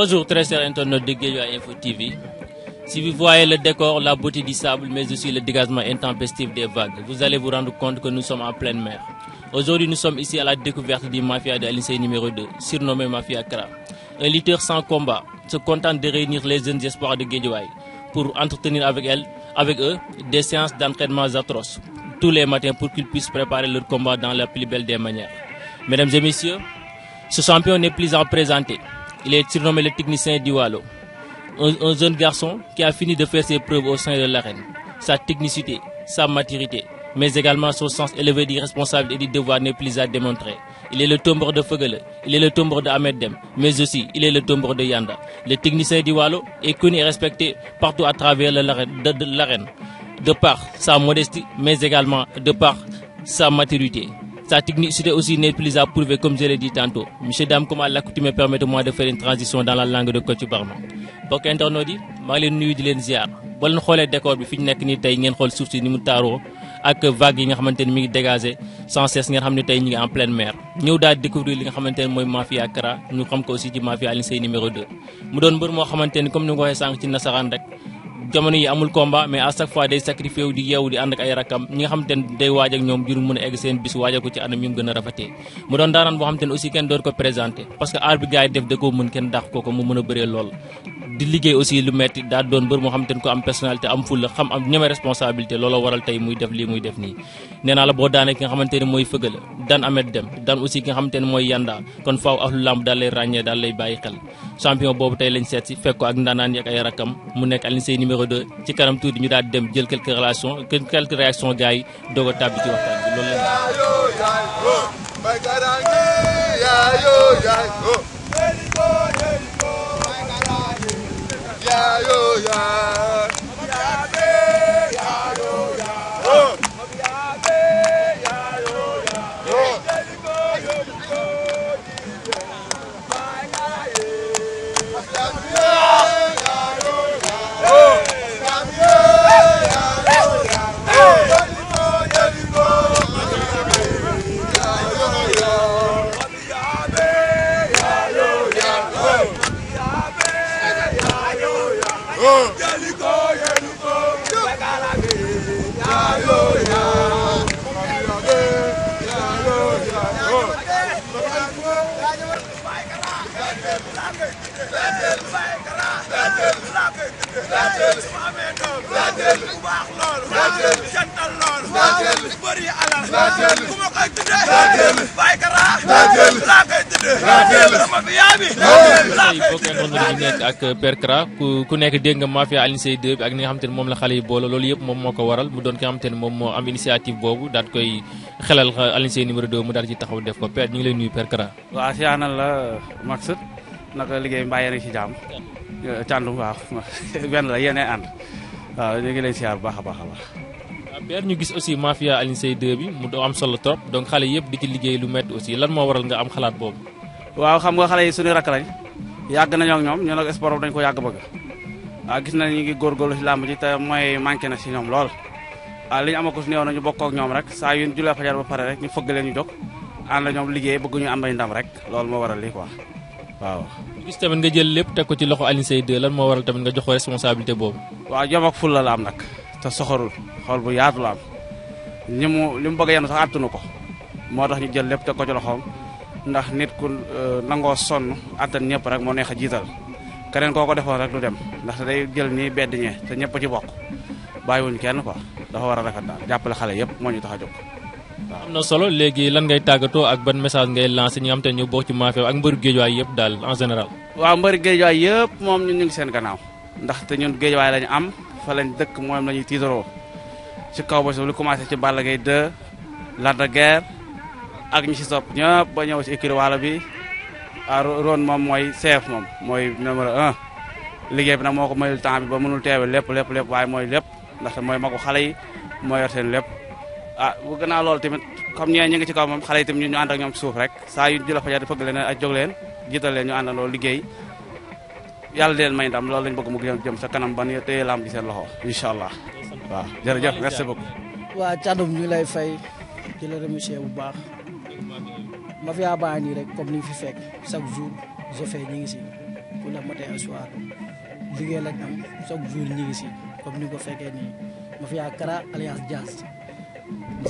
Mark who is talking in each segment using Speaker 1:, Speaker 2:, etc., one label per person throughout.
Speaker 1: Bonjour très chers internautes de Guédiawaye Info TV. Si vous voyez le décor, la beauté du sable, mais aussi le dégagement intempestif des vagues, vous allez vous rendre compte que nous sommes en pleine mer. Aujourd'hui, nous sommes ici à la découverte du mafia de l'INSEE numéro 2, surnommé Mafia Kra. Un leader sans combat se contente de réunir les jeunes espoirs de Guédiawaye pour entretenir avec, elle, avec eux des séances d'entraînement atroces tous les matins pour qu'ils puissent préparer leur combat dans la plus belle des manières. Mesdames et messieurs, ce champion n'est plus à présenter. Il est surnommé le technicien du Un, jeune garçon qui a fini de faire ses preuves au sein de l'arène. Sa technicité, sa maturité, mais également son sens élevé d'irresponsable et du devoir n'est plus à démontrer. Il est le tombeur de Fogele, il est le tombeur de Ahmed Dem, mais aussi il est le tombeur de Yanda. Le technicien du est connu et respecté partout à travers l'arène, de, de par sa modestie, mais également de par sa maturité. Sa serait aussi n'est plus à prouver, comme je l'ai dit tantôt. Monsieur Dame, comme à l'accoutumée, permettez-moi de faire une transition dans la langue de Kocc Barma. Pour qu'un yi dit, ngi leen nuyu di leen ziar boo leen décor bi fi ñu nekk nii tey ngeen xool suuf si ni mu taaroo ak vague yi nga xamante mi dégagé sans cesse ngeen xam en pleine mer. Nous avons découvert découvrir li nga la mafia à Mafia Kara ñu xam ko aussi la Mafia à l'insee numéro 2 mu doon mbër moo xamante ni comme ni nga ko waxee sànq ci nasaraan rek. jamono yi amul combat mais à chaque fois day sacrifié wu di yeewu di ànd ak ay rakkam ñi nga xam day waaj ak ñoom jur mën a egg seen bis waajal ko ci anam yu mu gën a rafetee mu doon daanaan boo xam aussi kenn doon ko présenté parce que aar bi gars def da koo mën kenn dàq ko ko mu mën a bëree lool di liggéey aussi lu metti daa doon bër moo xam ko am personnalité am fulla xam am ñeme responsabilité loola waral tey muy def lii muy numéro 2 ci kanam tuuti ñu daal dem jël quelques relations quelques réactions gars yi doog ci waxtaan bi loolu
Speaker 2: la. raateel koy tuddee. raateel baykara. laa koy tuddee. raateel ramadiyaa laa koy
Speaker 1: tuddee nekk ak Perkra ku nekk dégg nga mafia Alioune Seye bi ak ni nga xamante ne moom la xale yi boole loolu yëpp moom moo ko waral mu doon ki nga xamante ne moom moo am initiative boobu daal koy xelal Alioune Seye numéro 2 mu daal ci taxaw def ko per ñu ngi lay nuyu Perkra.
Speaker 3: waaw siyaanal la Max naka liggéey mbaa yéen a ngi ci jàmm. càndum la yéen ànd waaw ñu ngi lay siyaar bu baax a baax a baax. père ñu gis aussi mafia Alioune Seye 2 bi mu doo am solo trop donc xale yëpp di ci liggéey lu métti aussi lan moo waral nga am xalaat boobu. waaw xam nga xale yi suñu rakk lañ yàgg nañoo ak ñoom ñoo nag sport dañ ko yàgg bëgg ah gis nañ ñu ngi góorgóorlu si làmb ji te mooy manqué na si ñoom lool. ah li ñu amako su néew na ñu bokk ñoom rek saa yu ñu jullee fajar ba pare rek ñu fëgg leen ñu jóg ànd ak ñoom liggéey bëgg ñu am ay ndam rek loolu moo waral lii quoi waaw.
Speaker 1: ci loxo Alioune Seye 2 moo waral tamit nga jox ko responsabilité boobu.
Speaker 3: waaw jom ak te soxorul xool bu yaatu la am li mu li mu bëgg a yenn sax àttanu ko moo tax ñu jël lépp te ko ci ndax nit ku euh, nangoo sonn attan ñëpp rek moo neex a jiital keneen koo ko defoon rek du dem ndax day jël nii bedd ñee te ñëpp ci bokk bàyyiwuñ kenn quoi dafa war a rafet daal jàppale xale yëpp moo ñu tax a jóg
Speaker 1: waaw. am na solo léegi lan ngay tàggatoo ak ban message ngay lancé ñu am xam te ñu bokk ci Mafia ak mbëru géejuwaay yëpp daal en général.
Speaker 3: waaw mbëru seen gannaaw fa lañ dëkk moom la ñuy tiitaroo ci kaw ba suuf lu commencé ci Balla Gaye 2 Lac de Guiers ak ñi si sopp ñëpp ba ñëw si écurie Walo bi ah moom mooy chef moom mooy numéro un liggéey bi nag moo ko mayul temps bi ba mënul teewe lépp lépp lépp waaye mooy lépp ndaxte mooy magu xale yi moo yor lépp ah bu gannaaw loolu tamit comme ñee ñu ngi ci kaw moom xale yi tamit ñu ànd ñoom ci suuf rek saa yu ñu la fajar fëgg leen a jóg leen jiital leen ñu àndandoo liggéey yàlla leen may ndam loolu lañ bëgg mu jëm sa kanam ba ni téye lamb bi seen loxo incha allah waaw jërëjëf merci beaucoup. waa Thiandoum ñu lay fay di la remercier bu baax ma fi baa nii rek comme ni fi fekk chaque jour je fais ñu ngi si pour le matin au soir liggéey jour ñu ngi si comme ni ko fekkee nii ma fi yaa Kara alias Dias.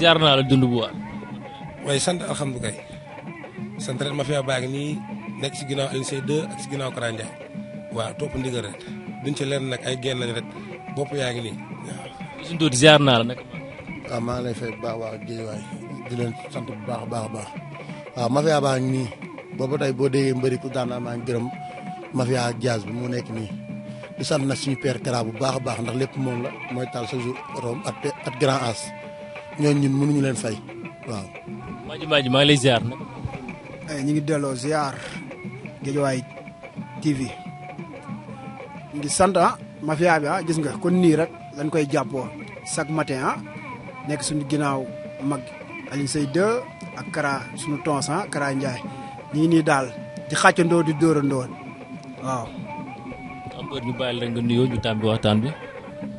Speaker 1: ziar naa la dund bu waaye sant alhamdulilah sant ren ma fi yaa baa ngi nii nekk si ginnaaw Alioune Seye 2 ak si ginnaaw Kara Ndiaye. waaw topp ndigal rek duñ ci leen nag ay genn rek bopp yaa ngi nii waaw. Youssou Ndour naa la nag.
Speaker 2: Ah, maa ngi lay fay bu baax waaw Guèye waay di leen sant bu baax a baax a baax waaw ah, mafia baa ngi nii boobu tey boo déggee mbari ku daan naa maa ngi gërëm mafia jazz bi mu nekk nii di sant nag suñu père Kara bu baax a baax ndax lépp moom la mooy taal sa jour Rome ak ak Grand As ñooñu ñun mënuñu leen fay waaw. Madji Madji maa lay ziar nag.
Speaker 3: Eh, ñu ngi delloo ziar Guédiawaye TV. ngi sant ah mafia bi ah gis nga kon ni rek lañ koy jàppoo sak matin ah suñu ginaaw mag ali sey de ak Kara suñu tons ah Kara njaay ni ni dal di xàccandoo di dóorandoo waaw.
Speaker 1: Ambeur ñu bayal nga nuyo ñu tambi waxtan bi.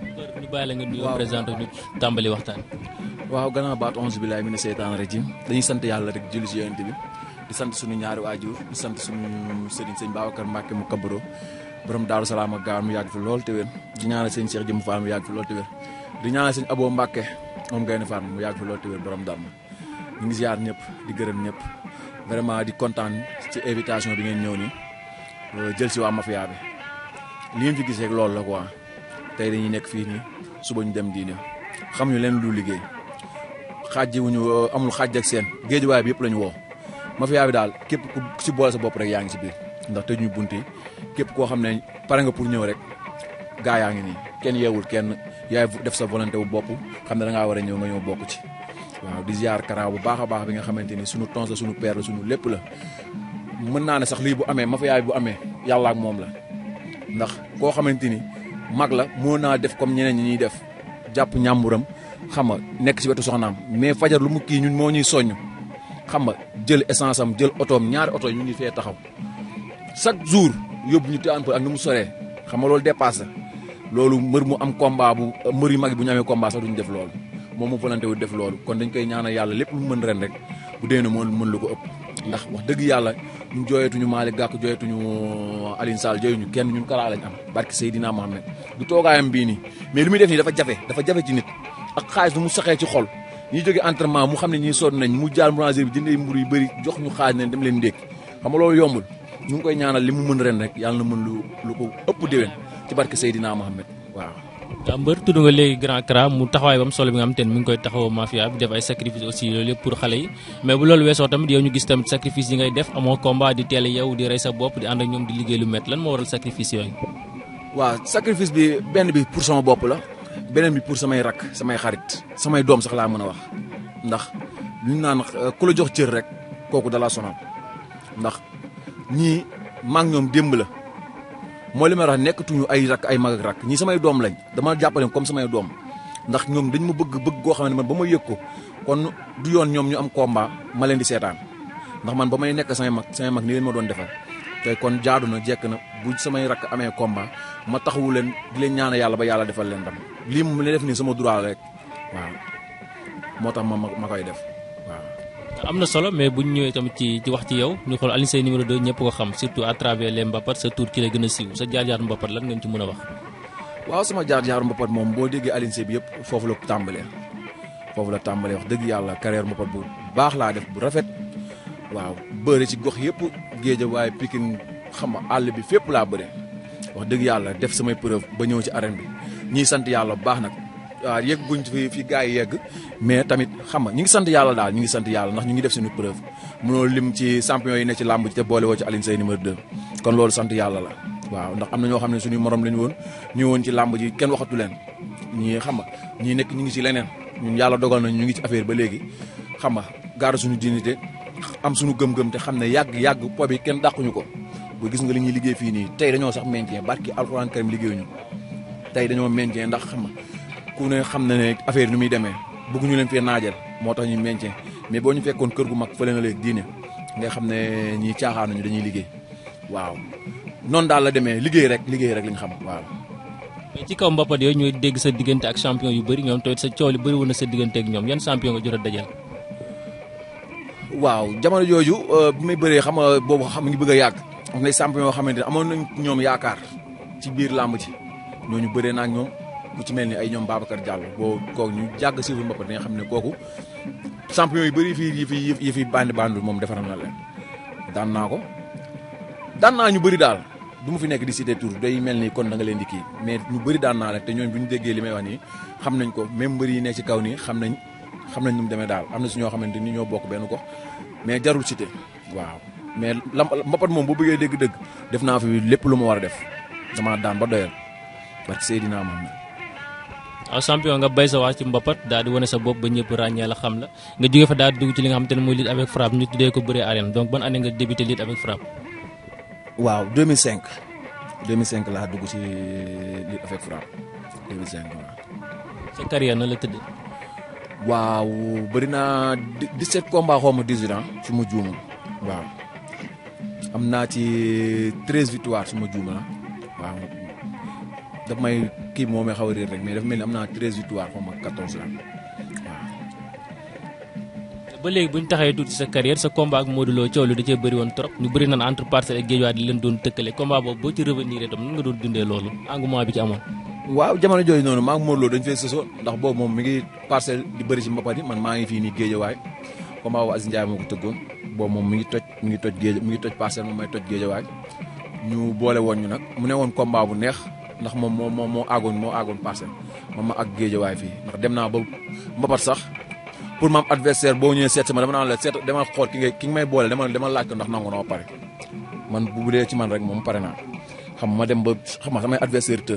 Speaker 1: Ambeur ñu bayal nga nuyo présenté ñu tambali waxtan
Speaker 2: waaw gannaaw baat onze di mina seytaan rajim dañuy sant yalla rek julli si bi di sant suñu ñaari waajur di sant suñu serigne serigne Babacar Mbacke mu kabaro borom daaru salaam ak gaawaan mu yàgg fi lool te di ñaanal sëñ Cheikh Jëmm Fall mu yàgg fi lool te wér di ñaanal sëñ aboo Mbàkke moom Gaynde Fall mu yàgg fi lool te wér borom dàmm ñu ngi ziar ñëpp di gërëm ñëpp vraiment di kontaan ci invitation bi ngeen ñëw nii euh, jël si waa mafia bi li fi gis loolu la quoi tey dañuy nekk fii nii suba ñu dem diine xamuñu leen lu liggéey xaaj wuñu euh, amul xaaj ak seen waa bi yëpp la ñu woo mafia bi daal képp ku si boole sa bopp rek yaa ngi si biir ndax tëj ñu bunti képp koo xam ne pare nga pour ñëw rek gaa yaa ngi nii kenn yeewul kenn yaay def sa volonté bu bopp xam ne da war a ñëw nga ñëw bokk ci. waaw di ziar Kara bu baax a baax bi nga xamante ni sunu tons la sunu père la sunu lépp la mën naa ne sax lii bu amee ma fa yaay bu amee yàlla ak moom la ndax koo xamante ni mag la moo naa def comme ñeneen ñi ñuy def jàpp ñàmburam xam nga nekk ci wetu soxnaam mais fajar lu mu kii ñu moo ñuy soññ xam nga jël essence am jël otoom ñaari oto ñu ngi fee taxaw chaque jour yóbbu ñu Tivaouane Peulh ak ni mu soree xam nga loolu dépassé loolu mbër mu am combat bu mbër yu mag bu ñu amee combat sax def loolu moom mu volonté wu def loolu kon dañ koy ñaanal yàlla lépp lu mën ren rek bu dee na mën mën lu ko ëpp ndax wax dëgg yàlla ñun jooyetuñu Malick Gakou jooyetuñu euh, Alioune Sall jooyuñu kenn ñun Kara lañ am barke Seydina Mohamed du toogaayam bii nii mais li muy def nii dafa jafe dafa jafe ci nit ak xaalis lu mu saxee ci xol ñi jóge entraînement mu xam ne ñii sonn nañ mu jaar boulangerie bi jëndee mburu yu bëri jox ñu xaalis ne dem leen ndékki xam nga loolu yombul ñu ngi koy ñaanal li mu mën ren rek yalla na mën lu lu ko ëpp déwén ci barke sayidina Mohamed waaw.
Speaker 1: tambeur tudu nga léegi grand cra mu taxaway bam solo bi nga am ten mu ngi koy taxaw mafia bi def ay sacrifice aussi loolu yëpp pour xalé yi mais bu loolu wesso tamit yow ñu gis tamit sacrifice yi ngay def amo combat di télé yow di ray sa bop di and ak ñom di liggéey lu met lan mo waral sacrifice yoy
Speaker 2: wa sacrifice bi benn bi pour sama bop la benen bi pour samay rak samay xarit samay dom sax la mëna wax ndax ñu nan ku la jox cër rek da la sonal ndax ñi mag ñom demb la mo li ma wax nekkatuñu ay rak ay mag rak ñi sama samay dom lañ dama jàppale comme samay dom ndax ñom dañ ma bëgg bëgg go xam man bama ma kon du yoon ñom ñu am combat ma leen di sétan ndax man ba nek nekk samay mag samay mag ni leen ma doon defal tay kon jaadu na jekk na bu samay rak amé combat ma taxawu leen di leen ñaanal yalla ba yalla defal leen ndam lii mu def ni sama droit rek waaw motax ma ma koy def
Speaker 1: am na solo mais bu ñu ñëwee tamit ci ci wax ci yow ñu xool Alioune Seye numéro 2 ñëpp ko xam surtout à travers les Mbapat sa tour ci la gën a siiw sa jaar-jaar Mbapat lan nga ñu ci mën a wax.
Speaker 2: waaw sama jaar-jaar Mbapat moom boo déggee Alioune Seye bi yëpp foofu la tàmbalee foofu la tàmbalee wax dëgg yàlla carrière Mbapat bu baax laa def bu rafet waaw bëre si gox yëpp Géejawaay Pikine xam nga àll bi fépp laa bëre wax dëgg yàlla def samay preuve ba ñëw ci arène bi ñuy sant yàlla bu baax nag waaw yegg guñ fi fi gars yi yegg mais tamit xam nga ñu ngi sant yàlla daal ñu ngi sant yàlla ndax ñu ngi def suñu preuve mënoo lim ci champion yi ne ci làmb ci te boole woo ci Alioune Seye numéro 2 kon loolu sant yàlla la waaw ndax am na ñoo xam ne suñu moroom lañu woon ñu woon ci làmb ji kenn waxatu leen ñii xam nga ñii nekk ñu ngi si leneen ñun yàlla dogal nañ ñu ngi ci affaire ba léegi xam nga gaara suñu dignité am suñu gëm-gëm te xam ne yàgg-yàgg po bi kenn dàquñu ko bu gis nga li ñuy liggéey fii nii tey dañoo sax maintien barki alxuraan karim liggéeyuñu tey dañoo maintien ndax xam ku ne xam na ne affaire yi nu muy demee bëgguñu leen fee naajal moo tax ñu meññee mais boo ñu fekkoon kër gu mag fële na leen diine nga xam ne ñii caaxaanuñu dañuy liggéey waaw noonu daal la demee liggéey rek liggéey rek lañ xam waaw.
Speaker 1: mais ci kaw mbapat yooyu ñooy dégg sa diggante ak champion yu bari ñoom tamit sa coow li bëri woon na sa diggante ak ñoom yan champion nga jot a dajal.
Speaker 2: waaw jamono jooju euh, bu may bëree xam nga boobu xam ngi bëgg a yàgg am na champion yoo xamante ne amoon nañ ñoom yaakaar ci biir làmb ci bu ci mel ni ay ñoom Babacar Diallo boo kooku ñu jàgg siiful mbappat da nga xam ne kooku samp yu bëri fii yi fi yi fi bandi bandi moom defaral na leen daan naa ko daan naa ñu bëri daal du ma fi nekk di cité tour day mel ni kon da nga leen di kii mais ñu bëri daan naa leen te ñooñu bu ñu déggee li may wax nii xam nañ ko même mbëri yi nekk ci kaw nii xam nañ xam nañ nu mu demee daal am na si ñoo xamante ni ñoo bokk benn gox mais jarul cité waaw mais lam mbapat moom bu bëggee dégg-dëgg def naa fi lépp lu ma war a def damaa daan ba doyal parce que Seydina Mohamed
Speaker 1: champion nga bay sa wax ci mbapat daal di wone sa bop ba ñepp rañe la xam la nga joge fa daal dug ci li nga xamantene moy lit avec frappe ñu tuddee ko bëré arène donc ban année nga débuter lit avec frappe
Speaker 2: waaw 2005 2005 la dug ci lit avec frappe 2005 waaw sa carrière na la tëdd waaw bari na 17 combat xaw 18 ans ci mu juumul waaw am naa ci 13 victoires ci mu juumul waaw daf may kii moo may xaw a réer rek mais dafa mel ni am naa treize victoire xaw ma quatorze la
Speaker 1: ba léegi bu ñu taxawee tuuti sa carrière sa combat ak Modou Lo coow li da cee bëri woon trop ñu bëri naan entre Parcelles ak Guédiawaye di leen doon tëkkale combat boobu boo ci revenir itam nan nga doon dundee loolu engouement bi ci amoon.
Speaker 2: waaw jamono jooju noonu maa ngi Modou dañu fee sësoo ndax boobu moom mi ngi Parcelles di bëri ci mbapat yi man maa ngi fii nii Guédiawaye combat bu Aziz Ndiaye moo ko tëggoon boobu moom mi ngi toj mi ngi toj géej mi ngi toj Parcelles moom toj Guédiawaye ñu boole woon ñu nag mu ne woon combat neex ndax moom moo moo moo àggoon moo àggoon parcelle moom ma ak géejawaay fii ndax dem naa ba mbapat sax pour ma am adversaire boo ñëwee seet ma dama naan la seet dama xool ki nga ki nga may boole dama dama laaj ko ndax nangu naa pare man bu dee ci man rek moom pare naa xam ma dem ba xam ma samay adversaire te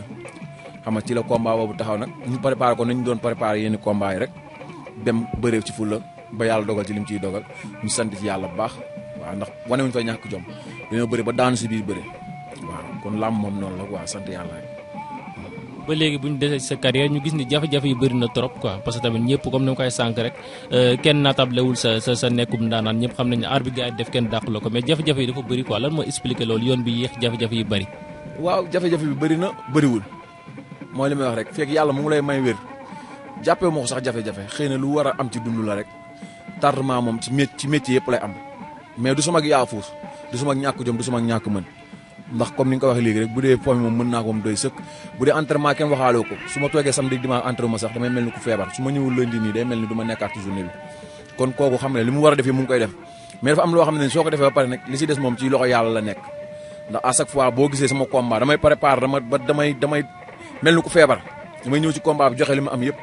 Speaker 2: xam ci la combat boobu taxaw nag ñu préparé ko nañ doon préparé yenn combat yi rek dem bëree ci la ba yàlla dogal ci lim ciy dogal ñu sant ci yàlla bu baax waaw ndax wane wuñ fay ñàkk jom dañoo bëri ba daanu si biir bëri waaw kon làmm moom noonu la quoi sant yàlla rek
Speaker 1: ba léegi bu ñu desee sa carrière ñu gis ni jafe-jafe yu bëri na trop quoi parce que tamit ñëpp comme ni ma koy sànq rek euh, kenn naatablewul sa sa sa nekkum ndaanaan ñëpp xam nañ ne aar bi gars yi def kenn dàqloo ko mais jafe-jafe yi dafa bëri quoi lan moo expliqué loolu yoon bi yéex jafe-jafe yi bëri.
Speaker 2: waaw jafe-jafe bi bëri na bëriwul mooy li may wax rek fekk yàlla mu ngi lay may wér jàppee moo ko sax jafe-jafe xëy na lu war a am ci dundu la rek tardement moom ci métier ci métier yëpp lay am mais du sama yaafuus du sama ñàkk jom du sama ñàkk mën ndax comme ni nga ko waxee léegi rek boudé dee mom mën na ko doy seuk boudé entraînement ken waxaloko suma su samedi dimanche entraînement sax damay melni ku fébar suma ma ñëwul lundi ni day melni duma du ma journée bi kon koku xamné limu wara mu mu ngi koy def mais dafa am lo xamné soko défé ba paré nak li ci dess mom ci loxo yalla la nekk ndax à chaque fois bo gisé sama combat damay préparer dama ba damay damay melni ku fébar damay ñëw ci combat bi joxé limu am yépp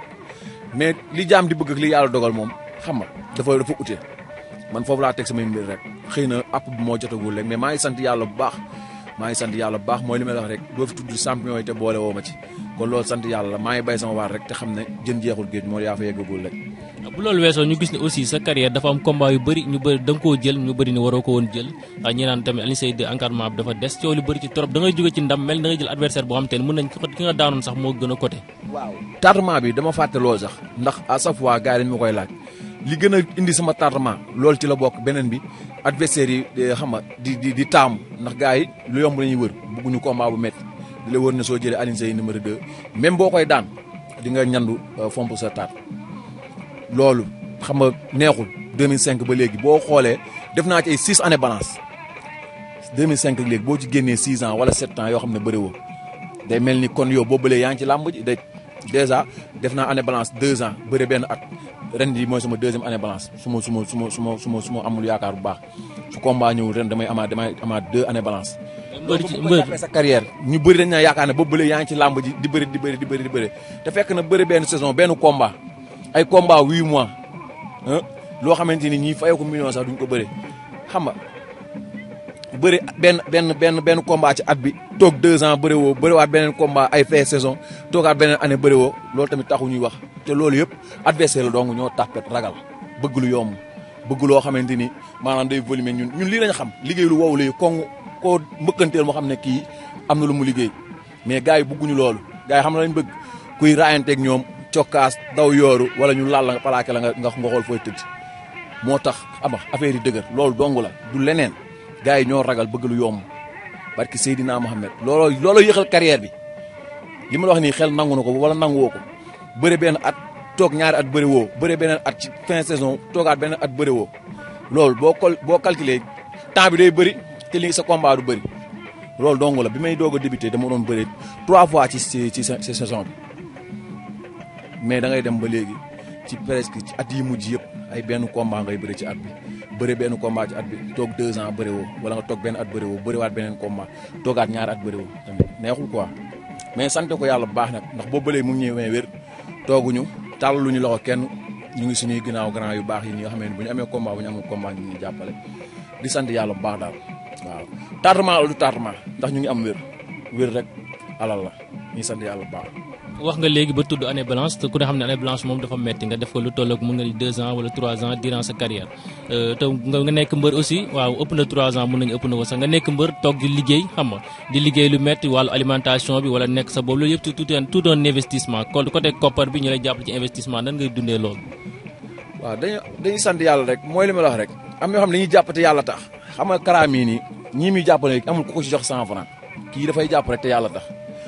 Speaker 2: mais li jam di bëgg ak li yalla dogal mom xam nga dafa dafa outé man fofu la tek sama mbir rek xeyna app bi moo jotagul rek mais ma ngi sante yalla bu baax maa ngi sant yàlla baax mooy li rek doo fi tudd champion yi te boole woo ma ci kon loolu sant yàlla la maa ngi bay sama waar rek te xam ne jën jeexul géej moo yaa fa yeggagul rek
Speaker 1: bu loolu weesoo ñu gis ne aussi sa carrière dafa am combat yu bëri ñu bëri da nga jël ñu bëri ne waroo ko woon jël ñi naan tamit Alioune Seye 2 encadrement bi dafa des coow lu bëri ci trop da jóge ci ndam mel da ngay jël adversaire boo xam te mën nañ ki
Speaker 2: nga a li gën a indi sama tardement loolu ci la bokk beneen bi adversaire yi eh, xam nga di di di taamu ndax gars yi lu yomb la ñuy wër bëgguñu combat bu métti di la wër ne soo jëlee Alioune Seye numéro 2 même boo koy daan di nga ñandu euh, fomp sa taat loolu xam nga neexul 2005 ba léegi boo xoolee def naa ci ay 6 années balance 2005 ak léegi boo ci génnee 6 ans wala 7 ans yoo xam ne bëri woo day mel ni kon yow boo bëlee yaa ngi ci làmb ji day dèjà def naa année balance 2 ans bëri benn at. ren yi mooy sama deuxième année balance suma suma suma suma su ma ma amul yaakaar bu baax su combat ñëw ren damay amaat damay amaat deux années balance sa carrière ñu bëri dañ naa yaakaar ne ba bële yaa ngi ci làmb ji di bëri di bëri di bëri di bëri te fekk na bëri benn saison benn combat ay combat huit mois loo xamante ni ñii fayee ko million sax duñ ko bëri xam nga bëri benn benn benn benn combat ci at bi toog deux ans bëri woo bëriwaat beneen combat ay fin saison toogaat beneen année bëri woo loolu tamit taxu ñuy wax te loolu yëpp adversaire la dong ñoo tàppet ragal bëgg lu yomb bëgg loo xamante ni maanaam day volume ñun ñun lii lañ xam liggéey lu wow lay koŋ koo mbëkkanteel moo xam ne kii am na lu mu liggéey mais gars yi bëgguñu loolu gars xam na lañ bëgg kuy raayanteeg ñoom cokkaas daw yooru wala ñu laal la nga palaake la nga nga xool fooy tëdd moo tax ama affaire yi dëgër loolu dong la du leneen gars yi ñoo ragal bëgg lu yomb barki Seydina Mohamed looloo looloo yëxal carrière bi li ma la wax nii xel nangu na ko wala nanguwoo ko bëre benn at toog ñaari at bëre woo bëre beneen at ci fin saison toogaat beneen at bëre woo loolu boo col boo calculé temps bi day bëri te li sa combat du bëri loolu dong la bi may doog a débuté dama doon bëri trois fois ci ci ci saison bi mais da dem ba léegi ci presque ci at yi mujj yëpp ay benn combat ngay bëri ci at bi. bëre benn combat ci at bi toog deux ans bëre woo wala nga toog benn at bëre woo bëriwaat beneen combat toogaat ñaar at bëre woo tamit neexul quoi mais sant ko yàlla bu baax nag ndax boo bëlee mu ngi ñëwee wér tooguñu tàllaluñu loxo kenn ñu ngi suñuy ginnaaw grand yu baax yi ñi nga xam bu ñu amee combat bu ñu amul combat ñu jàppale di sant yàlla bu baax daal waaw tardement lu tardement ndax ñu ngi am wér wér rek alal la ñuy sant yàlla bu baax
Speaker 1: wax nga léegi ba tudd année blanche te ku ne xam ne année blanche moom dafa metti nga def ko lu toll ak nga ni deux ans wala trois ans durant sa carrière euh, te nga nekk mbër aussi waaw ëpp na trois ans mën nañu ëpp na ko sax nga nekk mbër toog di liggéey xam nga di liggéey lu metti wàllu alimentation bi wala nekk sa boobu loolu yëpp tout tout un investissement kon côté koppar bi ñu lay jàppale ci investissement nan ngay
Speaker 2: dundee sant yàlla rek mooy li la wax rek am yoo xam ne dañuy jàpp te yàlla tax xam nga karaam yi nii ñii muy jàppale amul ku ko ci jox cent franc kii dafay jàpp rek te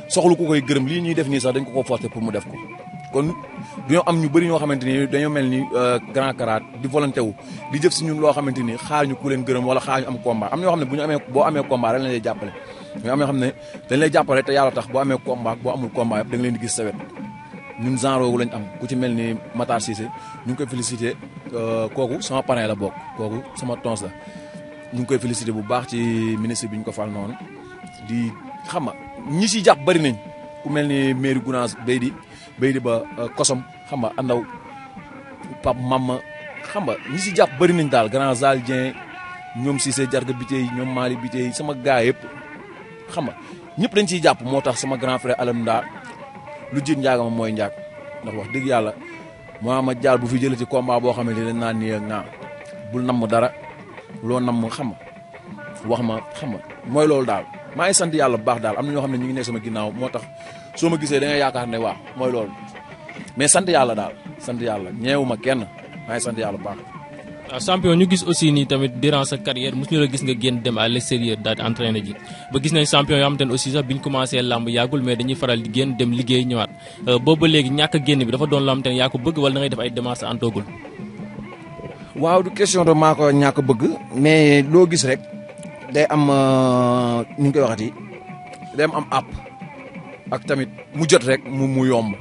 Speaker 2: soxlu ku koy gërëm lii ñuy def nii sax dañ ko ko forcer pour mu def ko kon dañoo am ñu bëri ñoo xamante ni dañoo mel ni euh, grand karaat di volonté wu di jëf si ñun loo xamante ni xaar ñu ku leen gërëm wala xaar ñu am combat am ñoo xam ne bu ñu amee boo amee combat rek lañ lay jàppale mais xam ne dañ lay jàppale te yàlla tax boo amee combat boo amul combat yëpp da leen gis sa wet ñun genre wu lañ am ku ci mel ni Matar Cissé ñu ngi koy félicité euh, kooku sama parrain la bokk kooku sama tons la ñu ngi koy félicité bu baax ci ministre bi ñu ko fal noonu di ñi si jàpp bëri nañ ku mel ni mairie Gounass béy di béy ba euh, kosom xam nga andaw pap mamma xam nga ñi si jàpp bëri nañ daal grand Zal Dieng ñoom Cissé Jarga Biteye ñoom Mali Biteye sama gaay yëpp xam nga ñëpp dañ ciy jàpp moo tax sama grand frère alam ndaa lu jiit njaagama mooy njaag ndax wax dëgg yàlla moo am Mohamed Dial bu fi jëlee ci combat boo xam ne dañ naan nii ak naa bul namm dara loo namm xam wax ma xam mooy loolu daal maa ngi sant yàlla bu baax daal am na ñoo xam ne ñu ngi nekk sama ginnaaw moo tax soo ma gisee da ngay yaakaar ne waaw mooy loolu mais sant yàlla daal sant yàlla ñeewu ma kenn maa ngi sant yàlla bu baax.
Speaker 1: Ah, champion ñu gis aussi nii tamit durant sa carrière mosu ñu la gis nga génn dem à l'extérieur daal di entraîné ji ba gis nañ champion yoo xam te ne aussi sax bi ñu commencé làmb yàggul mais dañuy faral di génn dem liggéey ñëwaat euh, boobu ba léegi ñàkk a génn bi dafa doon loo xam te ne yaa ko bëgg wala da ngay def ay démarches antoogul.
Speaker 2: waaw du question de maa ko ñàkk bëgg mais loo gis rek day am uh, ni ngi koy waxati day am app ak tamit mu jot rek mu mu yomb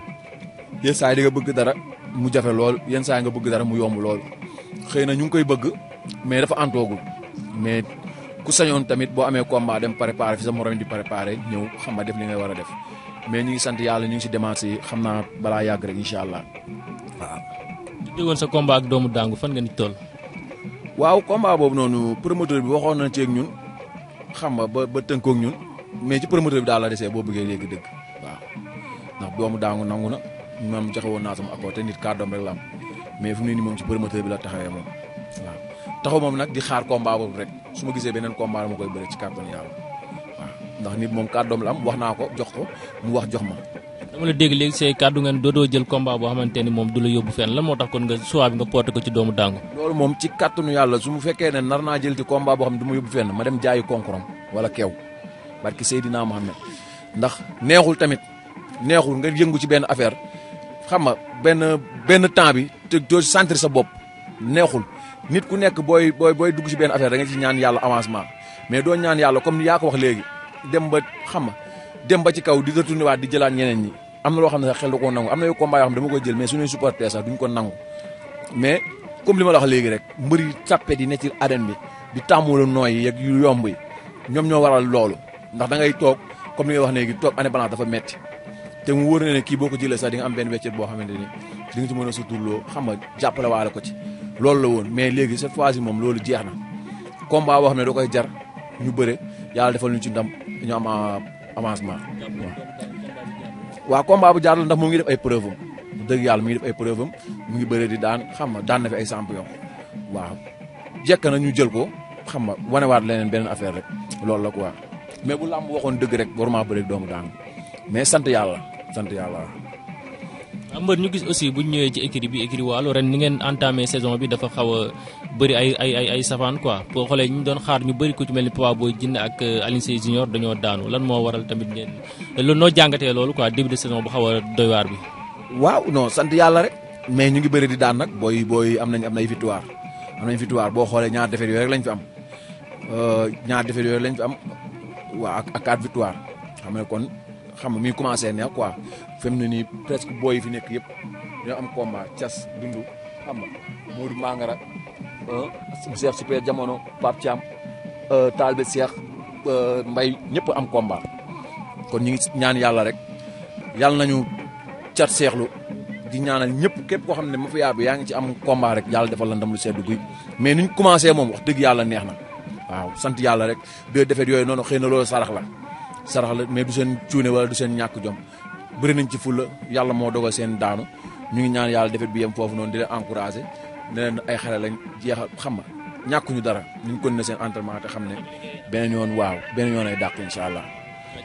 Speaker 2: yeen saa yi nga bëgg dara mu jafé lool yeen saa nga bëgg dara mu yomb lool xeyna ñu ngi koy bëgg mais dafa antogul mais ku sañon tamit bo amé combat dem préparer fi sa morom di préparer ñew xam nga def li ngay wara def mais ñu ngi sant yalla ñu ngi ci démarche yi xam naa rek inshallah
Speaker 1: allah won sa combat ak doomu dangu fan nga ni
Speaker 2: toll. waaw combat bobu nonu promoteur bi waxon na ci ak ñun xam nga ba ba tënkoog ñun mais ci promoteur bi daal la desee boo bëggee léegi dëgg waaw ndax mu daangu nangu na maam joxe woon naa sama accord te nit kàddoom rek la am mais fu mu ne nii moom ci promoteur bi la taxawee moom waaw taxaw moom nag di xaar combat boobu rek su ma gisee beneen combat ma koy bëre ci kàttan yàlla waaw ndax nit moom kàddoom la am wax naa ko jox ko mu wax jox ma
Speaker 1: dama la dégg léegi say kàddu ngeen dootoo jël combat boo xamante moom du la yóbbu fenn lan moo tax kon nga choix bi nga porté ko ci doomu dàngu
Speaker 2: loolu moom ci kàttanu yàlla su mu fekkee ne nar naa jël ci combat boo xam ne du ma yóbbu fenn ma dem jaayu konkorom wala keew barki Seydina ne ndax neexul tamit neexul nga yëngu ci benn affaire xam nga benn benn temps bi te doo sentir sa bopp neexul nit ku nekk booy booy booy dugg ci benn affaire da nga ñaan yàlla avancement mais doo ñaan yàlla comme yaa ko wax léegi dem xam nga dem ba ci kaw di retourné di jëlaat ñeneen ñi am na loo xam ne sax xel du ko nangu am na yu combat yoo xam ne dama koy jël mais suñuy supporter sax duñ ko nangu mais comme li ma la wax léegi rek mbër yi sàppet yi ne ci arène bi di tàmmulu nooy yi yeeg yu yomb yi ñoom ñoo waral loolu ndax da ngay toog comme li ngay wax léegi toog année balance dafa metti te mu wóor na ne kii boo ko jëlee sax di nga am benn weccet boo xamante ne di nga ci mën a suturloo xam nga jàppale waale ko ci loolu la woon mais léegi set fois ci moom loolu jeex na combat boo wax ne da koy jar ñu bëre yàlla ñu ci ndam ñu am avancement waaw waaw combat bu jaar la ndax mu ngi def ay preuve am bu dëgg yàlla mu ngi def ay preuve mu ngi bëre di daan xam nga daan na fi ay champion waaw jekk na ñu jël ko xam nga wanewaat leneen beneen affaire rek loolu la quoi mais bu làmb waxoon dëgg rek waruma bëre doomu daan mais sant yàlla sant yàlla
Speaker 1: mbër ñu gis aussi bu ñu ñëwee ci écurie bi écurie Waalo ren ni ngeen entamé saison bi dafa xaw a bëri ay ay ay safaan quoi boo xoolee ñu doon xaar ñu bëri ko ci mel ni Papa Boy Djiné ak euh, Alioune Sèye Junior dañoo daanu lan moo waral tamit ngeen loolu noo jàngatee loolu quoi début de saison bu xaw a doy
Speaker 2: waar bi. waaw non sant yàlla rek mais ñu ngi bëri di daan nag booy booy am nañ am nay victoire am nañ victoire boo xoolee ñaar defet yooyu rek lañ fi am euh, ñaar defet yooyu lañ fi am waaw ak ak quatre victoire xam ne kon xam nga mi commencé neex quoi fi mu ne nii presque booy fi nekk yëpp ñoo am combat cas dundu xam nga Modou Mangara seex euh, Super Jamono Pape taal euh, Talbe Cheikh euh, Mbay ñëpp am combat kon ñu ngi ñaan yàlla rek yàlla nañu cat seexlu di ñaanal ñëpp képp koo xam ne ma fi yaa yaa ngi ci am combat rek yàlla defal la ndam lu seddu guy mais niñ commencé moom wax dëgg yàlla neex na waaw sant yàlla rek deux défaites yooyu noonu xëy na loolu sarax la sarax la mais du seen cuune wala du seen ñàkk jom bëri nañ ci fulla yàlla moo dogal seen daanu ñu ngi ñaan yàlla defet bi yem foofu noonu di leen ne leen ay xale waaw beneen yoon ay dàq incha allah.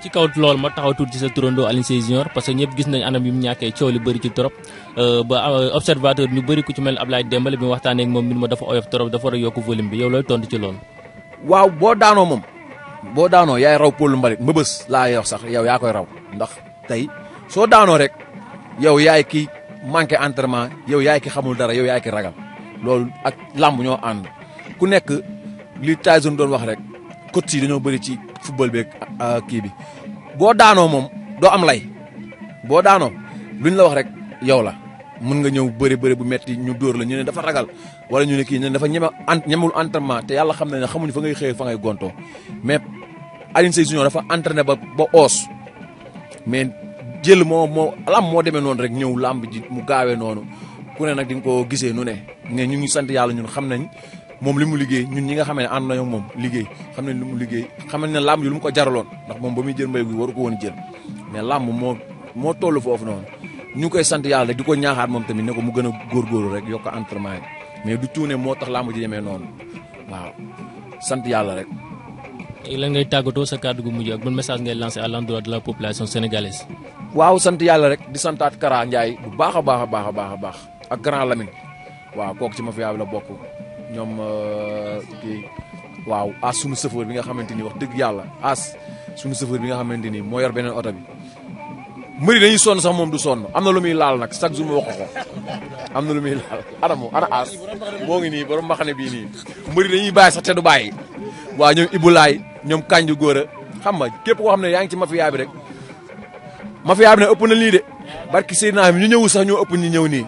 Speaker 1: ci kaw loolu ma taxaw tuuti parce que ñëpp gis nañ anam yu mu ñàkkee coow li bëri euh, ba euh, observateur ñu bëri ku ci mel ne Ablaye Dembélé bi mu waxtaanee moom mbir
Speaker 2: dafa oyof trop dafa war a yokk volume bi yow looy tontu ci loolu. waaw boo daanoo moom boo daanoo yaay raw pôlu mbalit mbëbës laa yox sax yow yaa koy raw ndax tey soo daanoo rek yow yaay ki manqué entraînement yow yaay ki xamul dara yow yaay ki ragal loolu ak làmb ñoo ànd ku nekk li Tyson doon wax rek coach yi dañoo bëri ci football beeg euh, kii bi boo daanoo moom doo am lay boo daanoo luñ la wax rek yow la mën nga ñëw bëri bëri bu metti ñu dóor la ñu ne dafa ragal wala ñu ne kii ñu ne dafa ñeme ñemul entraînement te yàlla xam na ne xamuñu fa ngay xëyee fa ngay gontoo mais Alioune Sèye Junior dafa entraîné ba ba oos mais jël moo moo lamb moo deme noonu rek ñëw lamb ji mu gaawee noonu ku ne nag di nga ko gisee nu ne ne ñu ngi sant yàlla ñun xam nañ moom li mu liggéey ñun ñi nga xam ne ànd nañoo moom liggéey xam nañ li mu liggéey xam ne lamb ji mu ko jaraloon ndax moom ba muy jël mbéy gi waru ko woon jël mais lamb moo moo toll foofu noonu ñu koy sant yàlla rek di ko ñaaxaat moom tamit ne ko mu gën a góorgóorlu rek yokk entraînement yi mais du tuune moo tax lamb ji demee noonu waaw sant yàlla rek
Speaker 1: lan ngay tàggatoo sa kàddu gu mujj ak ban message ngay lancer à l'endroit de la population sénégalaise.
Speaker 2: waaw sant yalla rek di santat Kara ndjay bu baakha baakha baakha baakha baax ak Grand Lamine waaw kok ci mafia la bokk ñom eh, ki waaw as sunu sefeur bi nga xamanteni wax deug yalla as sunu sefeur bi nga xamanteni mo yor benen auto bi. mari dañuy son sax mom du son amna lu muy laal nak sax jour mu wax ko lu muy laal adamu ana as mo ngi ni borom makhane bi ni mari dañuy bàyyi sax te du bàyyi wa ñoom Ibou ñoom kànju góor a xam nga képp koo xam ne yaa ngi ci mafia bi rek mafia ne ëpp na lii de barki mi ñu ñëwu sax ñoo ëpp ñu ñëw nii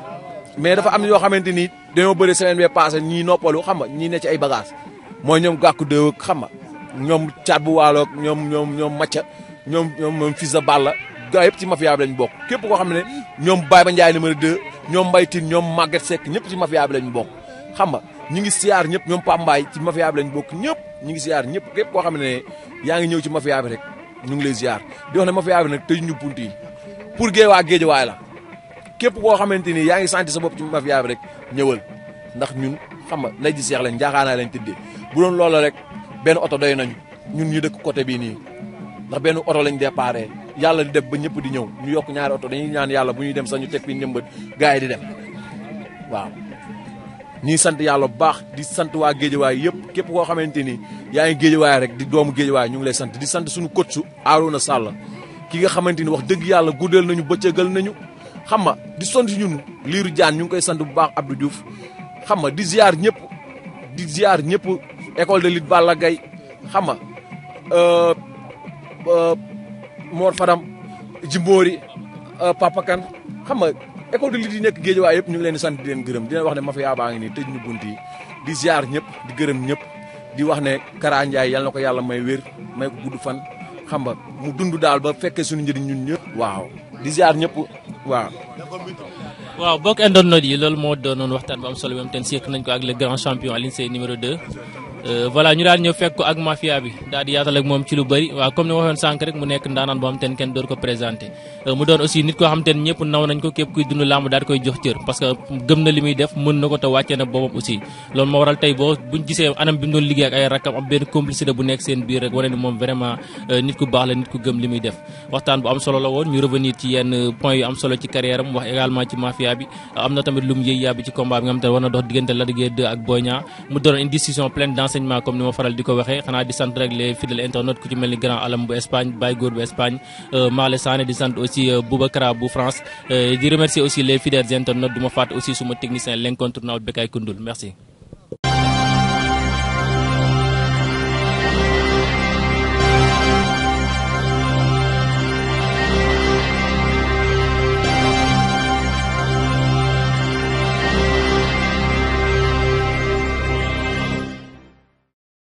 Speaker 2: mais dafa am yoo xamante ni dañoo bëri semaine bee passé ñii noppalu xam nga ñii ne ci ay bagage mooy ñoom gàkku déew ak xam nga ñoom caat bu waaloog ñoom ñoom ñoom macca ñoom ñoom moom fils de Balla gaa yëpp ci mafia bi lañ bokk képp koo xam ne ñoom Baye Ba Ndiaye numéro 2 ñoom Mbaye Tine ñoom Maguette Seck ñëpp ci mafia bi lañ bokk xam nga ñu ngi siyaar ñëpp ñoom Pambaay ci mafia bi lañ bokk ñëpp ñu ngi siyaar ñëpp képp koo xam ne yaa ngi ñëw ci mafia bi rek ñu ngi lay siyaar di wax ne mafia bi tëj ñu punt yi pour géej waa géej waay la képp koo xamante ni yaa ngi santi sa bopp ci mafia bi rek ñëwal ndax ñun xam nga nday ji seex lañ jaaxaanaa lañ tëddee bu doon loola rek benn oto doy nañu ñun ñu dëkk côté bii nii ndax benn oto lañ déparé yàlla di dem ba ñëpp di ñëw ñu yokk ñaari oto dañuy ñaan yàlla bu ñuy dem sax ñu teg ñëmbat gars yi di dem ñuy sant yàlla bu baax di sant waa géejawaay yëpp képp koo xamante ni yaa ngi géejawaay rek di doomu géejawaay ñu ngi lay sant di sant suñu coach Arouna Sall ki nga xamante ni wax dëgg yàlla guddeel nañu bëccëgal nañu xam nga di sont ñun liiru jaan ñu ngi koy sant bu baax Abdou Diouf xam nga di ziar ñëpp di ziar ñëpp école de lutte Balla Gaye xam nga euh, euh, Mor Fadam Jimbori euh, Papa Kane xam nga école de lutte yi nekk géejawaay yëpp ñu ngi leen sant di leen gërëm di leen wax ne mafia baa ngi nii tëj ñu bunt yi di ziar ñëpp di gërëm ñëpp di wax ne Kara Ndiaye yal na ko yàlla may wér may ko gudd fan xam nga mu dund daal ba fekkee suñu njëriñ ñu ñëpp waaw di ziar ñëpp waaw
Speaker 1: waaw bokk indonot yi loolu moo doonoon waxtaan bu am solo bi am ten seq nañ ko ak le grand champion Alioune Seye numéro 2 Euh, voilà ñu daal ñëw fekk ko ak mafia bi daal di yaatal ak moom ci lu bëri waaw comme ni mu nekk ndaanaan boo xam te kenn door ko présenté euh, mu doon aussi nit koo xam te ñëpp naw nañ ko képp kuy dund làmb daal tey boo buñ gisee anam bi mu doon liggéey ak ay mu doon une décision renseignement comme ni ma faral di ko waxee xanaa di sant rek les fidèles internautes ku ci mel ni grand alam bu Espagne Baye Góor bu Espagne euh, Maale Sané di sant aussi euh, Boubacara bu France euh, di remercier aussi les fidèles internautes du ma fàtte aussi suma technicien l'incontournable Bekay Koundoul merci